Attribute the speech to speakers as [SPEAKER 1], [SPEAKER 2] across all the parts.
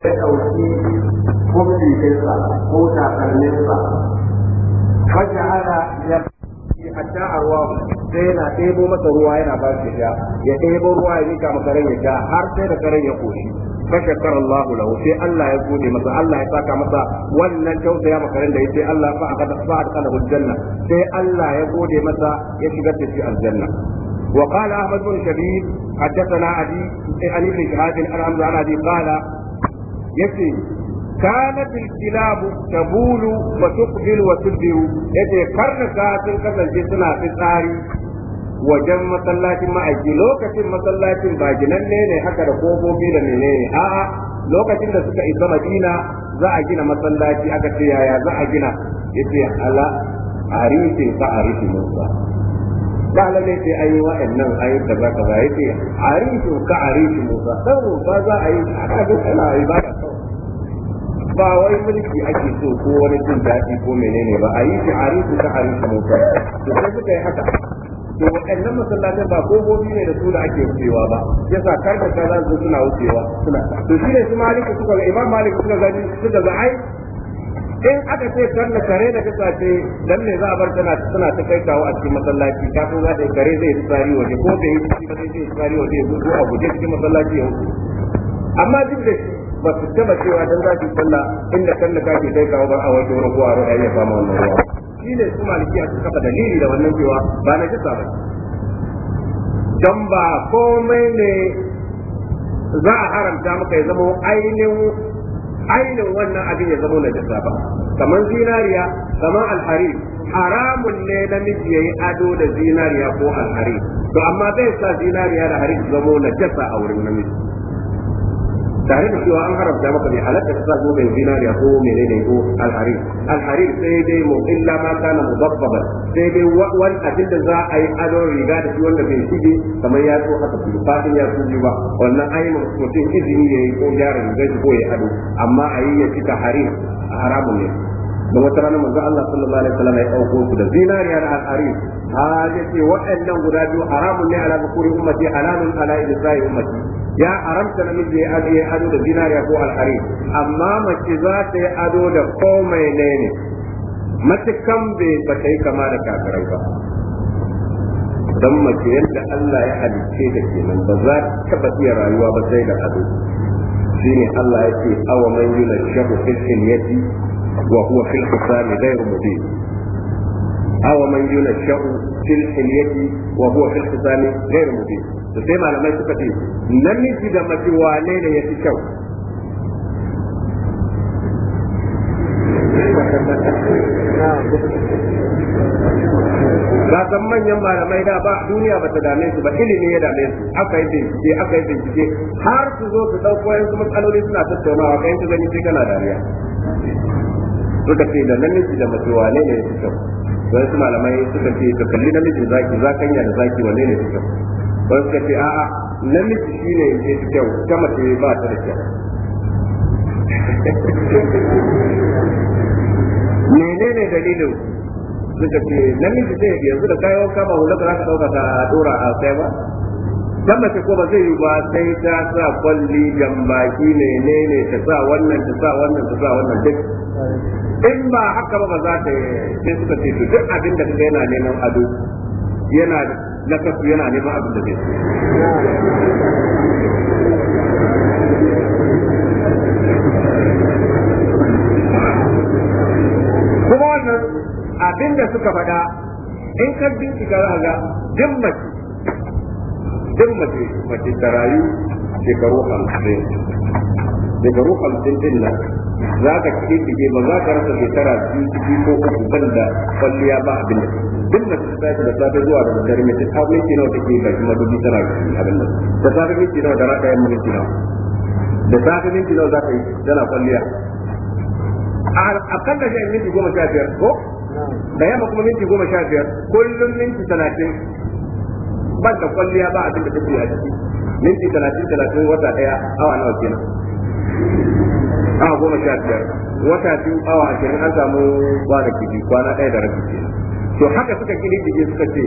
[SPEAKER 1] ya ɗauki kwamfutinsa ko takalminsa
[SPEAKER 2] wata ana ya hatta a ruwa sai yana ɗebo masa ruwa yana ba shi sha ya ɗebo ruwa ya rika masa ran ya sha har sai da karen ya koshi fashakar Allah lahu sai Allah ya gode masa Allah ya saka masa wannan tausaya makarin da ya ce Allah fa aka fa aka janna sai Allah ya gode masa ya shigar da shi aljanna وقال احمد بن شبيب حدثنا عدي عن ابن شهاب عن عمرو عن عدي قال yace tabulu wa tuqbil wa وتدبر yace ka sun kasance suna fitsari wajen masallacin ma'aiki lokacin masallacin ba ginanne ne haka da kofofi da menene a'a lokacin da suka isa madina za a gina masallaci aka ce yaya za a gina yace ala arifi fa arifi musa ba lalle sai ayi wa'annan ayi kaza kaza yace arifi ka arifi musa sai ba za a yi haka da ana ibada ba wai mulki ake so ko wani jin daɗi ko menene ba a yi shi arifu ta arifu mota to sai suka yi haka to waɗannan masallatan ba ko gobi ne da su da ake wucewa ba yasa kar da kaza su suna wucewa suna to shi ne su malika suka ga imam malik suka su suka ga ai in aka ce karna kare da ka sace dan ne za a bar tana suna ta kai kawo a cikin masallaci ka so za ta kare zai tsari waje ko bai yi ba zai tsari waje ko a guje cikin masallaci ya wuce amma duk da shi ba su taba cewa dan za su inda kan da kake kai kawo ba a wato ruwa a ruwa ya fama wannan ruwa shi ne su a su kafa dalili da wannan cewa ba na kisa ba dan ba komai ne za a haramta maka ya zama ainihin ainihin wannan abin ya zama na kisa ba kamar zinariya kamar alhari haramun ne namiji yayi ado da zinariya ko alhari to amma zai sa zinariya da hari zama na jasa a wurin namiji tare da cewa an haramta maka mai halatta ka sa zoben zinariya ko menene ko alharir alharir sai dai mu illa ma kana mudabbaba sai dai wani abin da za a yi adon riga da shi wanda bai shige kamar ya so haka su fadin ya so ba wannan ma mutum izini ya yi ko gyara rigar ko ya ado amma a yi ya cika harir haramun ne don wata rana manzo Allah sallallahu alaihi wasallam ya dauko su da zinariya da al'ari ha haje ce waɗannan guda biyu haramun ne ala bukuri ummati alamun ala isra'i ummati ya haramta namiji ya ado ya ado da zinariya ko al'ari amma mace za ta yi ado da komai ne ne matukan bai ba ta yi kama da kafirai ba dan mace yadda Allah ya halice da kenan ba za ta ba iya rayuwa ba sai da ado shine Allah yake awa man yuna shabu fil yadi وهو في الخصام غير مبين أو من ينشأ في الحلية وهو في الخصام غير مبين فسيما لما يسكتي لم يجد ما جوانين يتشو ba san manyan malamai da ba duniya ba ta dame su ba ilimi ya dame su aka yi bincike aka yi bincike har su zo su ɗauko yansu matsaloli suna tattaunawa kai su gani sai kana dariya suka ce da namiji da mace wane ne fi kyau wani su malamai suka ce ka kalli namiji zaki zakanya da zaki wane ne fi kyau wani suka ce a'a namiji shi ne fi kyau ta mace ba ta da kyau menene dalilin suka ce namiji zai yanzu da kayan kama hulaka za ka dauka ta dora a kai ba dan ta ko ba zai yi ba sai ta sa kwalli jambaki ne ne ne ta sa wannan ta sa wannan ta sa wannan duk in ba haka ba ba za ta yi sai suka ce to duk abin da kaga yana neman ado yana kasu yana neman abin da zai kuma wannan abin da suka faɗa in ka bincika za ga duk mace duk mace mace ta rayu shekaru hamsin shekaru hamsin din nan za ka kiɗe ba za ka rasa shekara biyu ciki ko uku ban da kwalliya ba abin da duk mace ta tashi da safe zuwa da mutane mace ta minti nawa take baki madubi tana abin nan da safe minti nawa da raka yamma minti nawa da safe minti nawa za ka yi tana kwalliya a akalla shi minti goma sha biyar ko da yamma kuma minti goma sha biyar kullum minti talatin ban da kwalliya ba abin da take ya ciki minti talatin talatin wata daya awa nawa kenan awa goma sha biyar wata biyu awa ashirin an samu kwanaki biyu kwana ɗaya da rabi kenan to haka suka kididdige suka ce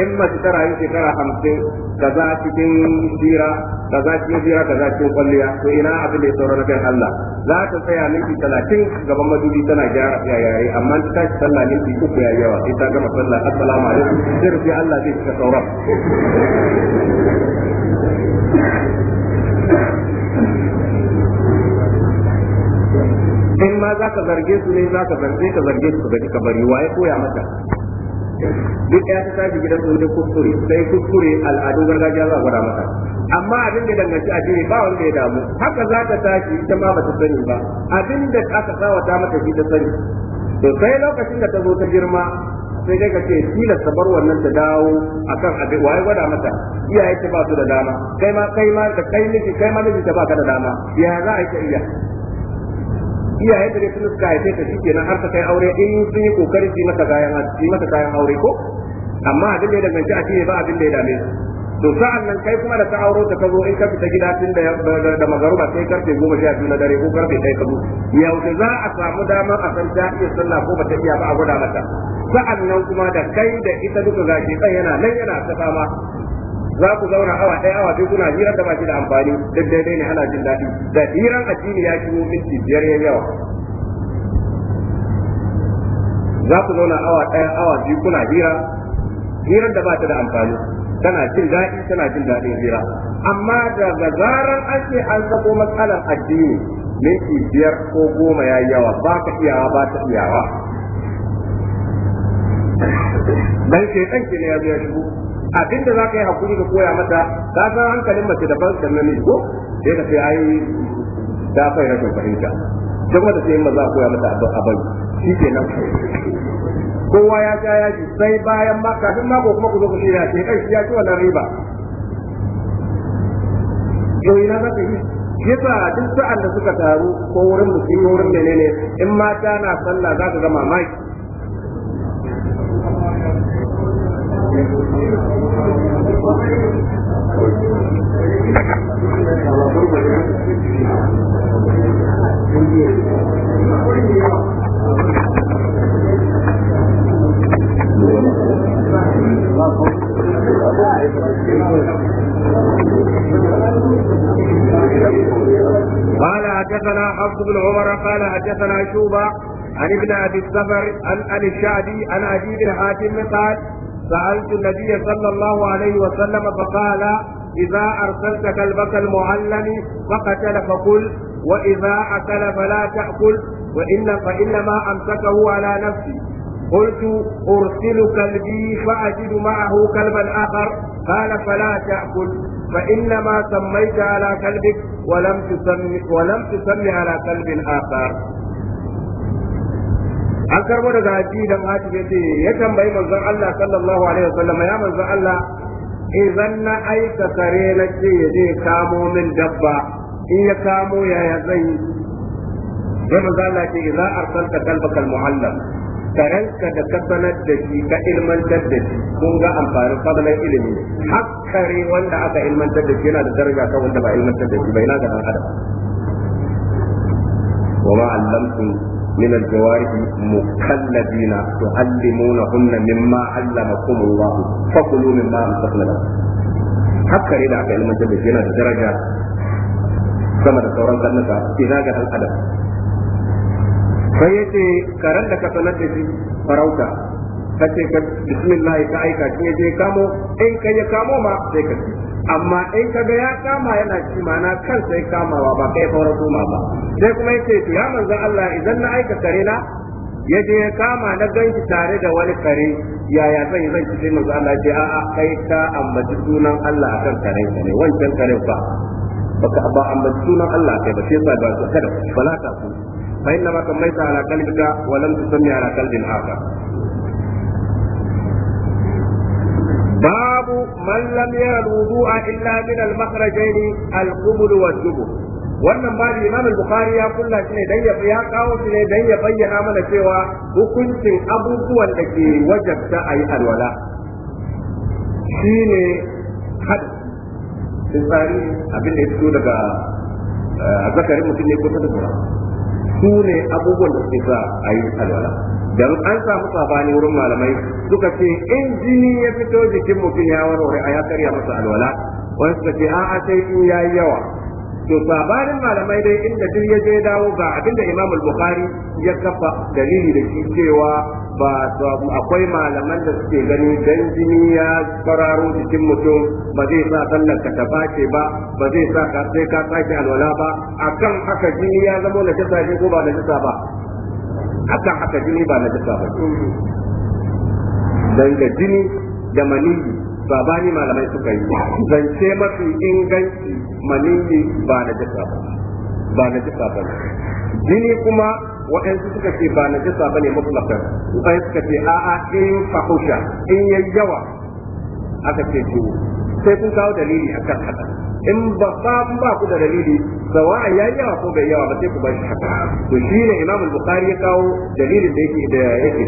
[SPEAKER 2] in mace tara rayu shekara hamsin kaza cikin jira kaza cikin jira kaza cikin kwalliya to ina abin da ya saura na kan Allah za ta tsaya minti talatin gaban madubi tana gyara yayare amma ta tashi sallah minti uku ya yawa sai ta gama sallah assalamu alaikum sai rufe Allah zai cika sauran in ma za ka zarge su ne za ka zarge ka zarge su ka bari waye koya mata
[SPEAKER 1] duk
[SPEAKER 2] ya ta tafi gidan su wajen kuskure sai kuskure al'adu gargajiya za a gwada mata amma abin da danganci a jini ba wanda ya damu haka za ta tashi ita ma ba ta sani ba abin da aka sawata mata shi ta sani to sai lokacin da ta zo ta girma sai dai ka ce tilas ta bar wannan ta dawo akan abin waye gwada mata iyaye ta ba su da dama kai ma kai ma da kai miki kai ma miki ta ba ka da dama Yaya za a yi iya iyaye da sun suka haife ka shi kenan har ta kai aure in sun yi kokarin su mata kayan su kayan aure ko amma abin da ya danganci a ba abin da ya dame to sa'an nan kai kuma da ka auro ta ka zo in ka fita gida tun da da magaruba sai karfe goma sha biyu na dare ko karfe ɗaya ka zo yaushe za a samu damar a san ta iya sallah ko ba ta iya ba a gwada mata sa'an nan kuma da kai da ita duka gashi ɗan yana nan yana ta fama za ku zauna awa ɗaya awa biyu kuna hirar da ba shi da amfani duk daidai ne ana jin daɗi da hirar addini ya shigo minti biyar ya yawa za ku zauna awa ɗaya awa biyu kuna hira hirar da ba da amfani tana jin daɗi tana jin daɗin hira amma daga zarar an ce an sako matsalar addini minti biyar ko goma ya yawa ba ka iyawa ba ta iyawa dan shekan ke ne ya zo ya shigo Abin da za ka yi hakuri ka koya mata ka san hankalin mace daban da na ko sai ka sai ai ta fai rashin fahimta duk wanda sai maza koya mata abin shi ke nan kowa ya sha yaji sai bayan ma kafin mako kuma ku zo ku shirya ce kai ya ci wannan riba yau ina za ka yi yasa duk sa'an da suka taru ko wurin musulmi wurin menene in mata na sallah za ka ga mamaki قال حدثنا حفص بن عمر قال حدثنا شوبة عن ابن ابي السفر عن الشادي الشعبي عن ابي بن حاتم قال سألت النبي صلى الله عليه وسلم فقال إذا أرسلت كلبك المعلم فقتل فقل وإذا أكل فلا تأكل وإن فإنما أمسكه على نفسي قلت أرسل كلبي فأجد معه كلبا آخر قال فلا تأكل فإنما سميت على كلبك ولم تسم ولم تسم على كلب آخر an karbo daga haji dan haji ya ce ya tambayi manzon Allah sallallahu alaihi wasallam ya manzon Allah idan na aika kare na ce ya je kamo min dabba in ya kamo yaya zai sai manzon Allah ce idza arsalta kalbaka almuallam karenka da ka sanar da shi ka ilmantar da shi kun ga amfanin fadlan ilimi hakkare wanda aka ilmantar da shi yana da daraja kan wanda ba ilmantar da shi ba yana ga dan adam وما علمتم من الجوارح مكلبين تعلمونهن مما علمكم الله فكلوا مما أمسكنا لكم haka ne da aka ilmantar da shi yana da daraja sama da sauran karnuka ina ga dan adam sai yace karan da ka sanar da shi farauta kace ka bismillah ka aika je kamo in kai ya kamo ma sai ka amma in kaga ya kama yana ci mana kan sai kamawa ba kai fara koma ba sai kuma yace to ya manzo Allah idan na aika kare na yaje ya kama na ganki tare da wani kare yaya zan yi zan ci sai manzo Allah ce a'a kai ta ambaci sunan Allah akan kare ne wancan kare ba baka ba ambaci sunan Allah kai ba sai ba ba kada ba la ta su fa inna ma kamaita ala qalbika wa lam tusmi ala qalbin akhar man lam yara wudu'a illa min al-makhrajaini al-qubul wa dubur wannan ba Imam al-Bukhari ya kulla shi ne dan ya ya kawo shi ne dan ya bayyana mana cewa hukuncin abubuwan da ke wajabta ayi alwala shine hadisi tsari abin da yake daga eh, zakarin mutum ne ko ta dubura su ne abubuwan da ke za ayi alwala dan an samu sabani wurin malamai suka ce in jini ya fito jikin mutum ya warware a ya karya masa alwala wani suka ce a sai in yayi yawa to sabanin malamai dai inda duk ya je dawo ga abinda Imam Bukhari ya kafa dalili da shi cewa ba akwai malaman da suke gani dan jini ya fararo jikin mutum ba zai sa sallar ka tabace ba ba zai sa ka sai ka sake alwala ba akan haka jini ya zama na jasa ko ba na jasa ba akan haka jini ba na jisa ba dan da jini da maniyi sabani malamai suka yi zance mafi inganci maniyi ba na jisa ba ba na jisa ba jini kuma waɗansu suka ce ba na jisa ba ne mutlakar waɗansu suka ce a'a in fahusha in yayyawa aka ce to sai kun kawo dalili akan haka in ba ba ku da dalili sawa'an ya yawa ko bai yawa ba sai ku bashi haka to shi ne imam al-bukhari ya kawo dalilin da yake da yake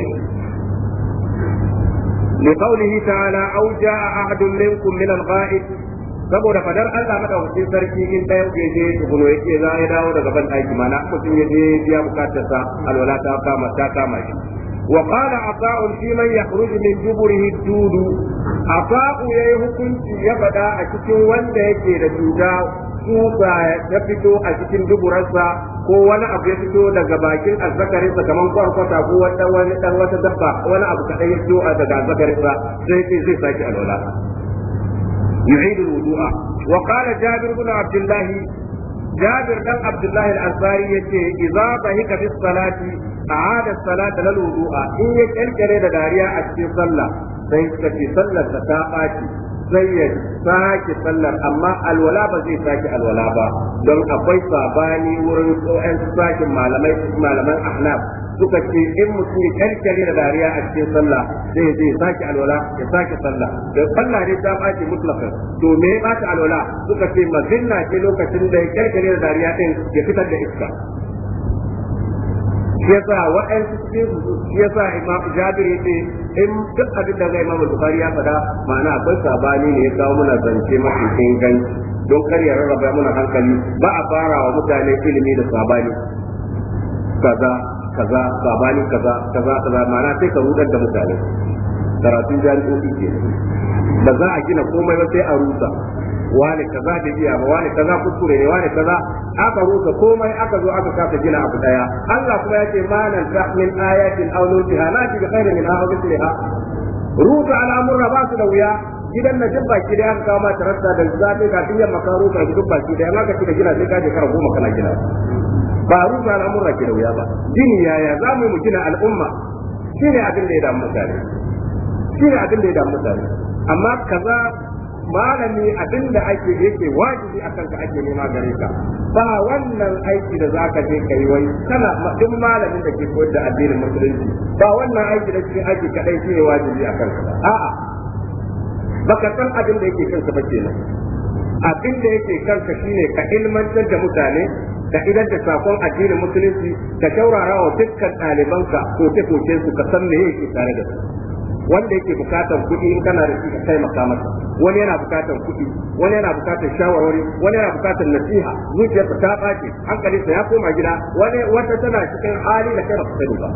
[SPEAKER 2] لقوله تعالى أو جاء أحد منكم من الغائب saboda fadar Allah madaukakin sarki in da yau je tukuno yake za ya dawo daga ban aiki mana mutum ya je biya bukatar sa alwala ta kama ta kama shi wa qala ata'u fi man yakhruj min juburihi dudu ata'u yayi hukunci ya fada a cikin wanda yake da duda tsutsa ya fito a cikin duburarsa ko wani abu ya fito daga bakin azzakarinsa kamar kwarkwata ko wani dan wata dabba wani abu kaɗai ya fito daga azzakarinsa sai sai zai sake alwala yu'idu wudu'a wa qala jabir ibn abdullah jabir dan abdullah al-ansari yace idza bahika fi salati a'ada salata lal wudu'a in ya kirkire da dariya a cikin sallah sai suka ta ɓaci sai ya sake sallar amma alwala ba zai sake alwala ba don akwai sabani wurin tsohon sakin malamai malaman ahnaf suka ce in mutum ya karkare da dariya a cikin sallah sai ya je sake alwala ya sake sallah da sallah ne ta ɓaci mutlaka to me ya ɓaci alwala suka ce mazinna ce lokacin da ya karkare da dariya din ya fitar da iska yasa wa'ansu cikin su yasa imam jabir yace in duk abin da zai imam bukhari ya faɗa ma'ana akwai sabani ne ya kawo muna zance mafi inganci don kar ya rarraba muna hankali ba a fara wa mutane ilimi da sabani kaza kaza sabani kaza kaza kaza ma'ana sai ka rudar da mutane karatun jami'o'i ke ba za a gina komai ba sai a rusa wani kaza da iya ba wani kaza kuskure ne wani kaza aka rusa komai aka zo aka kasa gina abu daya Allah kuma yake manan ta min ayatin aw nutiha la bi khairin min aw mithliha rusa al'amurra ba su da wuya gidan na jin baki da aka kawo mata rasta da zafi kafin yamma ka rusa gidan baki da aka da gina sai ka je kara goma kana gina ba ala al'amurra ke da wuya ba din yaya za mu yi mu gina al'umma shine abin da ya damu mutane shine abin da ya damu mutane amma kaza malami abinda ake yake wajibi akan ka ake nema gare ka ba wannan aiki da zaka je kai wai kana duk malamin da ke koyar da addinin musulunci ba wannan aiki da cikin aiki kadai shi wajibi akan ka a'a baka san abin da yake kanka ba kenan abin da yake kanka shine ka ilmantar da mutane ka idan da sakon addinin musulunci ka taurara wa dukkan ɗalibanka koke-koke su ka san me yake tare da su wanda yake bukatar kuɗi in kana da shi ka taimaka masa wani yana bukatar kuɗi wani yana bukatar shawarwari wani yana bukatar nasiha zuciyarsa ta ɓace hankalinsa ya koma gida wani wata tana cikin hali da kai ba ka sani ba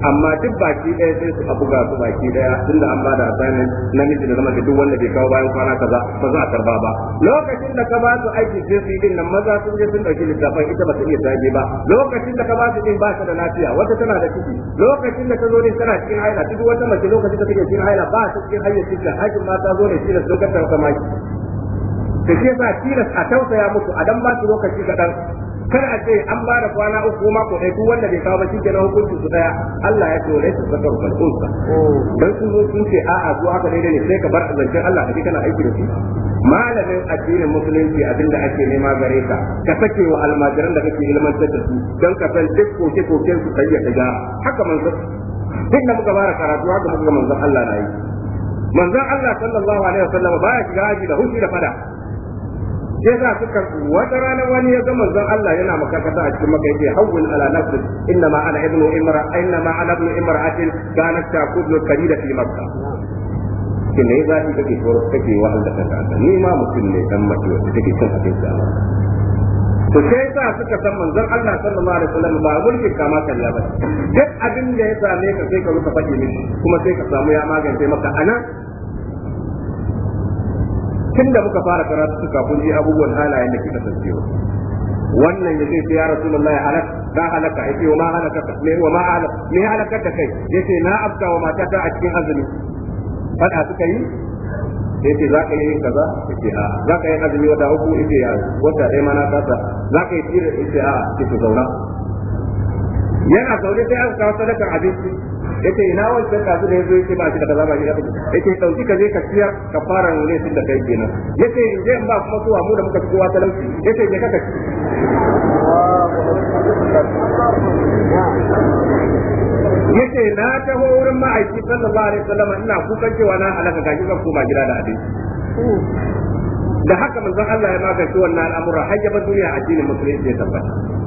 [SPEAKER 2] amma duk baki ɗaya sai su abuga su baki ɗaya tunda an bada assignment namiji da zama duk wanda bai kawo bayan kwana kaza ba za a karba ba lokacin da ka ba su aiki sai su din nan maza sun je sun ɗauki littafin ita ba ta iya tage ba lokacin da ka ba su din ba ta da lafiya wata tana da ciki lokacin da ta zo din tana cikin haila duk wata mace lokacin da take cikin haila ba ta cikin hayyacin da hakin ma ta zo ne shi da sun kaddara maki. da shi sa tilas a tausaya musu a dan ba su lokaci kaɗan kar a ce an ba da kwana uku mako ɗaya duk wanda bai kawo ba shike na hukunci su daya Allah ya ce walaisa zakar kal unsa dan sun zo sun ce a a zuwa haka daidai ne sai ka bar zancen Allah kaje kana aiki da shi malamin addinin musulunci abinda ake nema gare ka ka sake wa almajiran da kake ilmantar da su dan ka san duk koke koken su kai ya daga haka manzo duk da muka fara karatu haka muka manzon Allah na yi manzon Allah sallallahu alaihi wasallam baya shiga haji da hushi da fada sai za su karɓi wata rana wani ya zama zan Allah yana makarkata a cikin maka yace hawwil ala nafsi inna ma ana ibnu imra inna ma ana ibnu imra'atin kanat taqulu kadida fi makkah ke ne za ki kake tsoro kake wahal da kanka ni ma mutum ne dan mace wacce take cin abinci a to sai sa suka san manzon Allah sallallahu alaihi wasallam ba mulkin kama kalla ba duk abin da ya same ka sai ka rufe faɗi mishi kuma sai ka samu ya magance maka anan tun da muka fara karatu ji abubuwan halayen da ke kasancewa wannan ya zai ce halak ka halaka yace wa ma halaka me wa ma halaka halaka da kai yace na afka wa ta a cikin azumi fada suka yi sai ce za ka yi kaza ce a za ka yi azumi wata uku ce a wata ɗaya ma kasa za ka yi tira ce a ce zauna yana zaune sai aka kawo sadakar abinci yace ina sai kasu da yazo yace ba shi da kaza ba shi da kaza yace dauki ka je ka siya ka fara ne tun da kai kenan yace in je in ba kuma zuwa mu da muka kowa talauci yace je ka ka yace na ta wurin ma'aiki sallallahu alaihi wasallam ina kukan cewa na halaka gashi zan koma gida da abinci da haka manzon Allah ya magance wannan al'amura har ya bar duniya addinin musulunci ya tabbata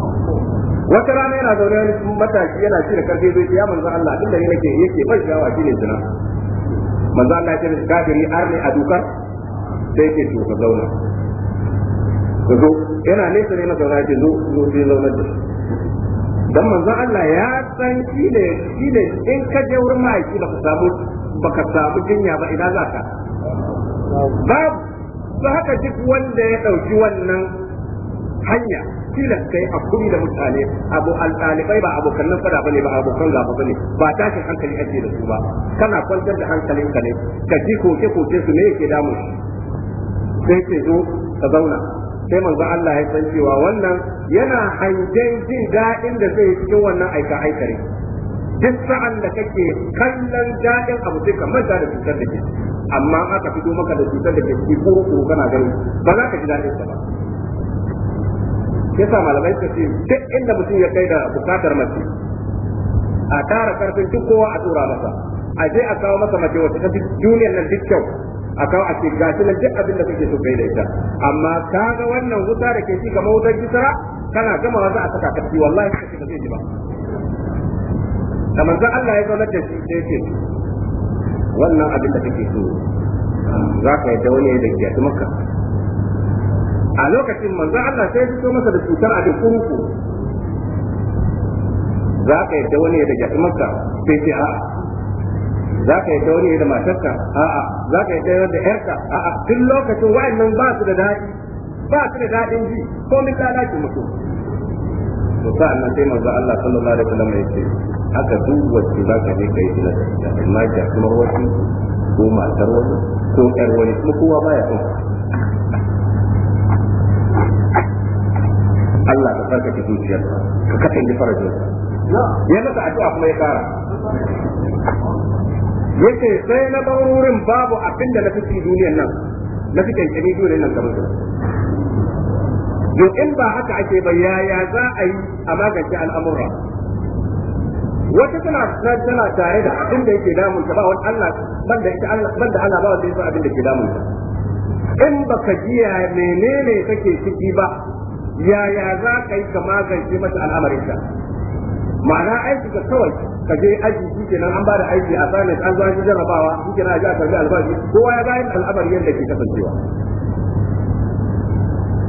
[SPEAKER 2] wata rana yana zaune wani matashi yana ci da karfe zai ya manzo Allah abinda ne nake yake ban shawa shi ne zina manzo Allah ya ce kafiri arni a duka sai yake to ka zauna ka zo yana nesa ne na zauna yake zo zo sai zauna da dan manzo Allah ya san shi ne shi ne in ka je wurin ma'aiki ka samu ka samu jinya ba idan ka babu haka duk wanda ya dauki wannan hanya tilas kai hakuri da mutane abu al-talibai ba abokan nan fada bane ba abokan gaba bane ba tashi hankali ake da su ba kana kwantar da hankalin ka ne ka ji koke koke su ne yake damu sai ke zo ka zauna sai manzo Allah ya san cewa wannan yana hangen jin daɗin da zai cikin wannan aika aikare duk sa'an da kake kallon daɗin abu sai ka da cutar da ke amma aka fito maka da cutar da ke kuru ko kana gani ba za ka ji daɗin ba sa malamai suka ce duk inda mutum ya kai da bukatar mace a tara karfin duk kowa a tura masa a je a kawo masa mace wacce ta fi duniyar nan duk kyau a kawo a ce gashi nan duk abin da kake so kai da ita amma kaga wannan wuta da ke ci kamar wutar gisara kana gama za a saka kafi wallahi kace ba zai ji ba da manzon Allah ya zaunar da shi sai ce wannan abin da kake so za ka yi da wani da ya maka a lokacin manzo Allah sai fito masa da cutar a cikin ku za ka yadda wani ya daga makka sai sai a'a za ka yadda wani ya da matarka a'a za ka yadda da yarka a'a duk lokacin wa'annan ba su da daɗi ba su da daɗin ji ko min lalaci mutum to sa'annan sai manzo Allah sallallahu alaihi wasallam ya ce haka duk wacce za ka je kai tuna da amma ya kuma wani ko matar wani ko ƴar wani kuma kowa baya son tsarkake zuciyarsa ka kasance farajinsa ya masa addu'a kuma ya kara yake sai na bar wurin babu abin da na fi duniyar nan na fi kankani duniyar nan kamar don in ba haka ake ba yaya za a yi a magance al'amura wata tana tana tare da abin da yake damun ta ba wani Allah banda ita Allah banda Allah ba wanda yake abin da ke damun ta in baka jiya menene kake ciki ba yaya za ka yi ka magance al'amarin al'amarinta ma'ana aiki ka kawai ka je aiki shi kenan an ba da aiki a sanin an zuwa shi jarabawa shi kenan a ji a karbi albashi kowa ya ga yin al'amari yadda ke kasancewa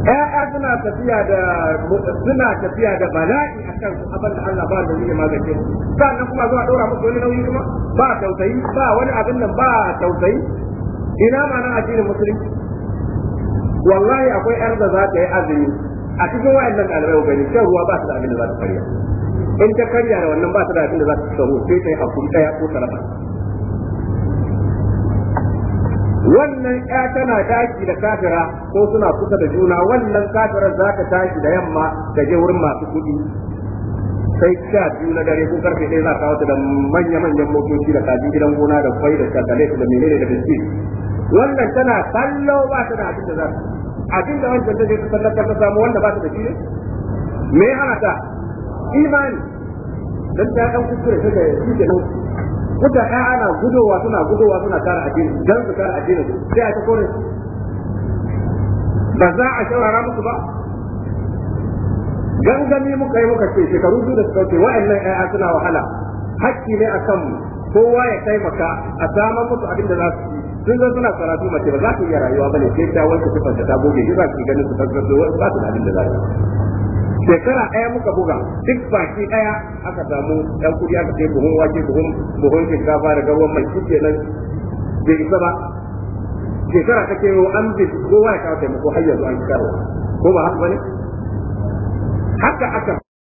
[SPEAKER 2] ƴaƴa suna tafiya da suna tafiya da bala'i a kan abin da Allah ba da yake magance sannan kuma zuwa ɗora musu wani nauyi kuma ba tausayi ba wani abin nan ba tausayi ina ma na addinin musulunci wallahi akwai yar da za ta yi azumi a cikin wa'annan ɗalibai ku gani shan ruwa ba su da abin da za su karya in ta karya da wannan ba su da abin da za su samu sai ta yi kuma ɗaya ko ta wannan ya tana daki da kafira ko suna kusa da juna wannan kafirar za ta tashi da yamma ta je wurin masu kuɗi sai sha biyu na dare ko karfe ɗaya za ka wata da manya-manyan motoci da kajin gidan gona da kwai da shakalai da menene da biskit wannan tana kallo ba ta da abin da za ta abin da wancan ta je ta sallaka ta samu wanda ba ta da shi ne? me ya hana ta imani dan ta dan kuskure ta ga shi ke nan kuka ya ana gudowa suna gudowa suna kare addini dan su kare addini sai a ta kore ba za a shawara musu ba gangami muka yi muka ce shekaru biyu da suka wuce wa'annan ƴaƴa suna wahala hakki ne a kanmu kowa ya taimaka a samar musu abin da za su yi sun zo suna karatu mace ba za su iya rayuwa bane sai ta wanke fanta ta goge ki za ki ganin su da wasu ba su da abin da za su shekara ɗaya muka buga duk baki ɗaya aka samu ɗan kuɗi aka ce buhun wake buhun buhun shinkafa da garwan mai shi nan bai isa ba shekara ta ke yau an bi kowa ya kawo taimako har yanzu an karo ko ba haka ba ne haka aka